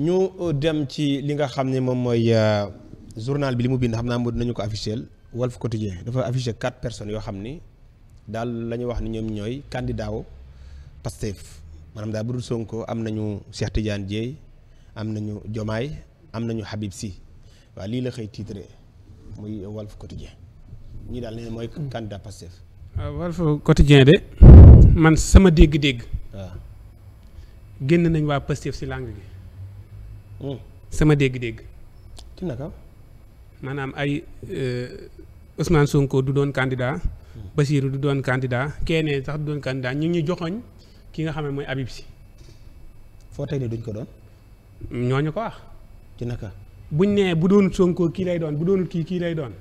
ñu euh, dem ci li nga xam ne moom mooy euh, journal bi li mu bind xam naa moo nañu ko officiel Walf Quotidien dafa affiché quatre personnes yoo xam ni daal la ñuy wax ni ñoom ñooy candidat wu Pastef maanaam daal bu dul Sonko am nañu Cheikh Tidiane Dieye am nañu Diomaye am nañu Habib Sy waaw lii la xëy titré muy Walf Quotidien ñii daal ne mooy candidat Pastef waaw Walf Quotidien de man sama dégg-dégg. waaw génn nañ waa Pastef si langue gi. Hmm. sama dégg-dégg. ci naka. maanaam ay euh, Ousmane Sonko du doon candidat. Hmm. Basirou du doon candidat keneen sax du doon kandidaa ñu ngi ñu joxoñ ki nga xam ne mooy Habib Sy. foo tey ne duñ ko doon. ñooñu ko wax. ci naka. buñ nee bu doon Sonko kii lay doon bu doonul kii kii lay doon.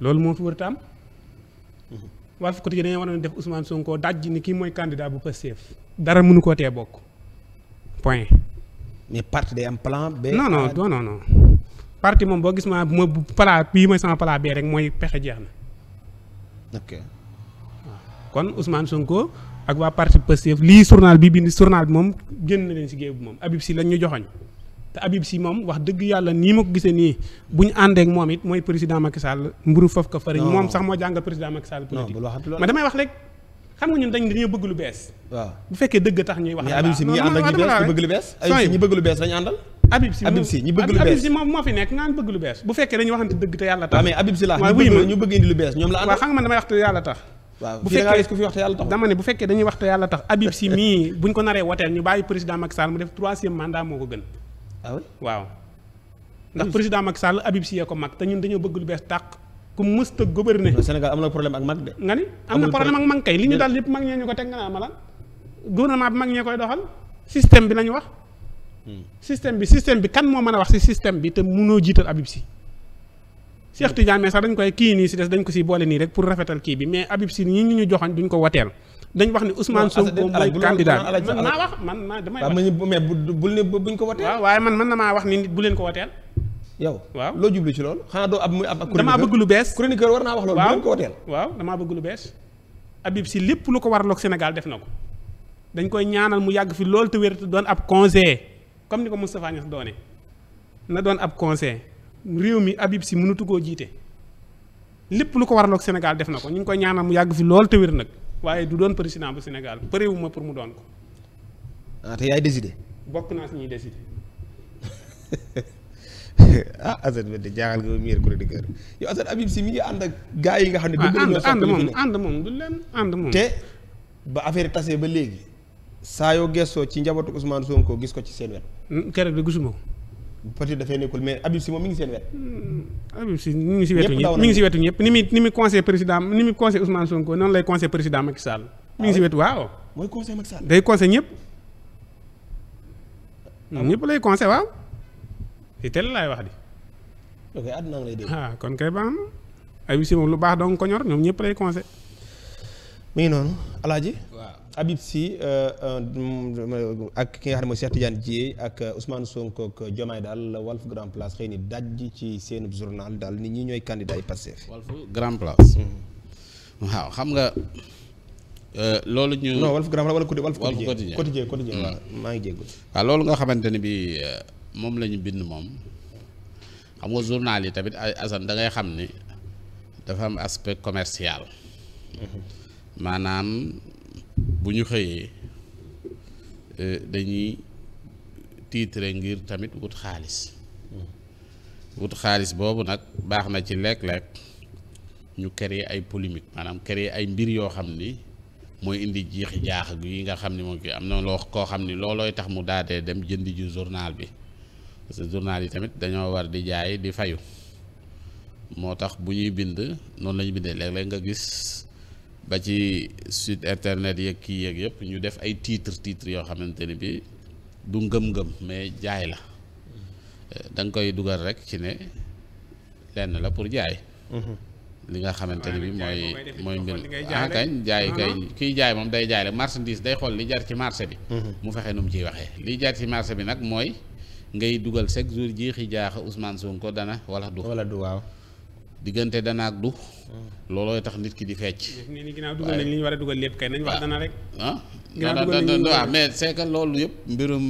loolu moo fi wër tam. wal fu côté dañoo waroon def Ousmane Sonko daj ni kii mooy candidat bu Pastef dara mënu koo te bokk point. mais parti day am plan B. non non non non non parti moom boo gis ma ma plan bii mooy sama plan B rek mooy pexe jeex na. ok kon Ousmane Sonko ak waa parti Pastef lii journal bi bind journal bi moom génn na leen si géej bi moom Habib Sy lañ ñu joxoñ te Habib Sy moom wax dëgg yàlla nii ma ko gisee nii bu ñu àndee ak moom it mooy président Macky Sall mburu foofu ko fariñ moom sax moo jàngal président Macky Sall politique ma damay wax rek. xam nga ñun dañ dañoo bëgg lu bees. waaw bu fekkee dëgg tax ñuy wax. Habib Sy ñi ànd bëgg lu bees. ay àndal. Habib Sy moom moo fi nekk naan bëgg lu bees bu fekkee dañuy waxante dëgg te yàlla tax. waaw mais Habib ñu bëgg indi lu bees ñoom la àndal. waaw xam nga man damay wax te yàlla tax. waaw bu fekkee ku fi wax te yàlla dañuy wax yàlla tax Habib Sy mii buñ ko naree woteel ñu bàyyi président Macky mu def troisième mandat moo ko gën ah waaw ndax président Macky Sall Habib yee ko mag te ñun dañoo bëgg lu bees tàq ku mësta gouverner. Sénégal am na problème ak mag de. nga ni am na problème ak mag kay li ñu daal yëpp mag ñee ñu ko teg nga naa ma lan gouvernement bi mag ñee koy doxal système bi wax. Hmm. système bi système bi kan moo mën a wax si bi te mënoo jiital Habib Sy. Cheikh hmm. Tidiane mais kii nii si des ko si boole nii pour rafetal kii bi mais Habib ñu ñu joxoon duñ ko wateel. dañ wax ni Ousmane Sonko mooy candidat bi man naa wax man maa damay wax. bu buñ ko wateel. waaw waaye man mën na maa wax ni nit bu leen ko wateel. yow waaw loo jublu ci loolu xanaa doo ab muy ab bëgg lu bees chroniqueur war naa wax loolu bu ko woteel waaw damaa bëgg lu bees Habib Sy lépp lu ko waraloog Sénégal def na ko dañ koy ñaanal mu yàgg fi loolu te wér te doon ab conseil comme ni ko Moustapha Niass doone na doon ab conseil réew mi Habib Sy mënatu koo jiite lépp lu ko war waraloog Sénégal def na ko ñu ngi koy ñaanal mu yàgg fi loolu te wér nag du doon président bu Sénégal pareewuma pour mu doon ko ah te yaay décidé bokk si ah Assane bi de jaaxal nga meilleur chroniqueur yow Assane Habib Sy mi ngi ànd ak gars yi nga xam ne. waaw ànd moom ànd moom du leen ànd moom. te ba affaire tasee ba léegi saa yoo gestoo ci njabootu Ousmane Sonko gis ko ci seen wet. Hmm, keroog bi gisuma ko. peut-être dafay nekkul mais Habib Sy moom mi ngi seen wet. Hmm, Habib Sy mi ngi si wetu ñëpp mi ngi si wetu ñëpp ni muy ni muy conseil président ni muy conseil Ousmane Sonko noonu lay conseil président Macky Sall. mi ngi si ah wetu waaw. mooy conseil Macky Sall day conseil ñëpp. Ah ñëpp lay conseil waaw. fi teel laay wax di. Ah, kon kay baax na Habib Sy moom lu baax dong ko ñor ñoom ñëpp lay conseil. mi ngi noonu Alaaji. waaw Habib Sy euh, euh, ak ki nga xam ne mooy Cheikh Tidiane Dièye ak euh, Ousmane Sonko ak Diomaye daal Walf Grand Place xëy daj ci seen journal daal nit ñi ñooy candidat yi Pastef. Walf Grand Place. Mm. waaw xam nga. loolu ñu. non Walf Grand Place wala Walf Quotidien Walf Quotidien maa ngi jégalu. waaw loolu nga xamante ne bii. moom lañu bind moom xam nga journal yi tamit ay asan da ngay xam ni dafa am aspect commercial maanaam bu ñu xëyee eh, dañuy tiitre ngir tamit wut xaalis wut xaalis boobu nag baax na ci lekk léeg ñu créer ay polémique maanaam créer ay mbir yoo xam ni mooy indi jiixi jaax yi nga xam ni moom ki am na loo koo xam ni loolooy tax mu daadee dem jënd ju journal bi parce que journal yi tamit dañoo war di jaay di fayu moo tax bu ñuy bind noonu lañuy bindee léeg-léeg nga gis ba ci site internet yeeg kii yeeg yëpp ñu def ay tiitre titre yoo xamante ni bi du ngëm-ngëm mais jaay la eh, da koy dugal rek ci ne lenn la pour jaay mhm. li nga xamante ni bi mooy mooy mbir ah kañ jaay mhm. kiy jaay moom day jaay la marchandise day xool li jar ci marché bi mhm. mu fexe nu mu ciy waxee li jar ci marché bi nag mooy ngay dugal chaque jour jiixi jaaxa Ousmane Sonko dana wala du. wala du diggante dana ak du. Hmm. loolooy tax nit ki di fecc. waaye ginnaaw dugal li ñu war dugal lépp kay nañ wax dana rek. ah waaw mais c'est loolu yëpp mbirum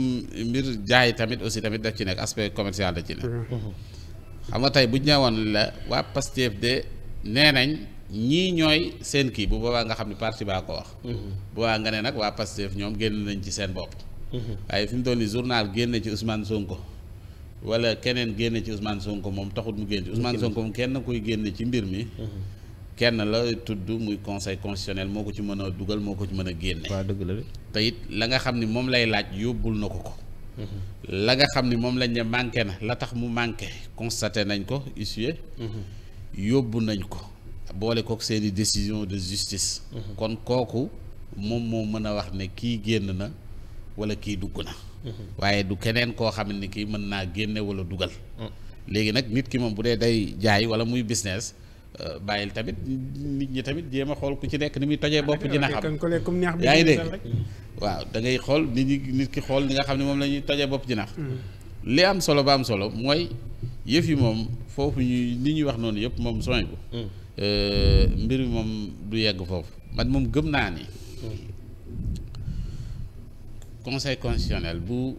mbir jaay tamit aussi tamit daf ci nekk aspect commercial da ci nekk. Hmm. Hmm. xam nga tey bu ñu la waa Pastef de nee nañ. ñii ñooy seen kii bu boobaa nga xam ne parti baa ko wax. bu boobaa nga ne nag waa Pastef ñoom génn nañ ci seen bopp. waaye fi mu toll nii journal génne ci Ousmane Sonko. wala keneen génne ci Ousmane Sonko moom taxut mu génn ci Ousmane Sonko moom kenn koy génne ci mbir mi. kenn la tudd muy conseil constitutionnel moo ko ci mën a dugal moo ko ci mën a génne. waaw dëgg la te la nga xam ni moom lay laaj yóbbul na ko ko. Mm-hmm. la nga xam ni moom lañ ne manqué na la tax mu manqué constaté nañ ko issué. Mm-hmm. yóbbu nañ ko. boole kook seeni décision de justice. Mm-hmm. kon kooku moom moo mën a wax ne kii génn na. wala kii dugg na. waaye du keneen koo xam ne kii mën naa génne wala dugal. léegi nag nit ki moom bu dee day jaay wala muy business. Euh, bàyyil tamit nit ñi tamit jéem a xool ku ci nekk ni muy tojee bopp dina xam yaa ngi dégg waaw da ngay xool nit ñi nit ki xool ni nga xam ne moom la ñuy tojee bopp dina xam mm-hmm. am solo ba am solo mooy yëf yi moom foofu ñuy li ñuy wax noonu yëpp moom soñ bu mm. euh, mbir mi moom du yegg foofu man moom gëm naa ni mm. conseil constitutionnel bu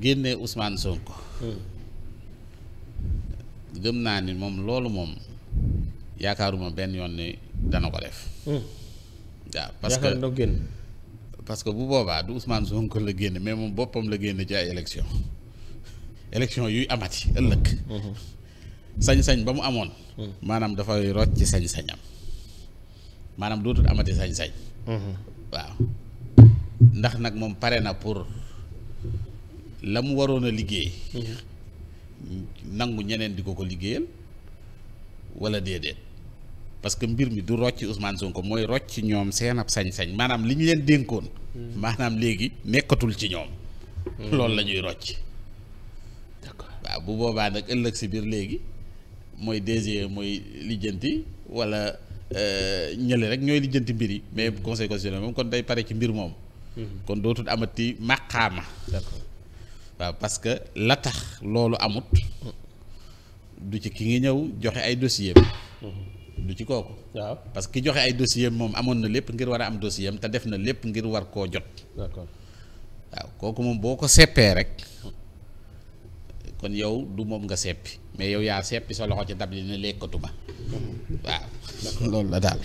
génnee Ousmane Sonko. Hmm. gëm naa ni moom loolu moom yaakaaruma benn yoon ni dana ko def. Hmm. waaw parce que parce que bu boobaa du son Sonko la génne mais moom boppam la génne ci ay élection élection yuy amati ëllëg. Hmm. sañ-sañ ba mu amoon. maanaam dafay rocc ci sañ-sañam maanaam dootul amati sañ-sañ. waaw. ndax nag moom pare na pour la mu waroon a liggéey. nangu ñeneen di ko ko liggéeyal wala déedéet parce que mbir mi du rocc Ousmane Sonko mooy rocc ci ñoom seen ab sañ-sañ maanaam li ñu leen dénkoon. maanaam léegi nekkatul ci ñoom. loolu la ñuy rocc. d'accord waaw bu boobaa nag ëllëg si biir léegi mooy DG mooy lijjanti wala euh, ñële rek ñooy lijjanti mbir yi mais conseil constitutionnel moom kon day pare ci mbir moom. Mhm. kon dootul amati màqaama waaw parce que la tax loolu amut du ci ki ngi ñëw joxe ay dossier mhm. du ci kooku waaw parce que ki joxe ay dossier moom amoon na lépp ngir war a am dossier te def na lépp ngir war koo jot waaw kooku moom boo ko seppee rek kon yow du moom nga seppi mais yow yaa seppi sa loxo ci dab li ne lekkatuma mhm. waaw loolu la daal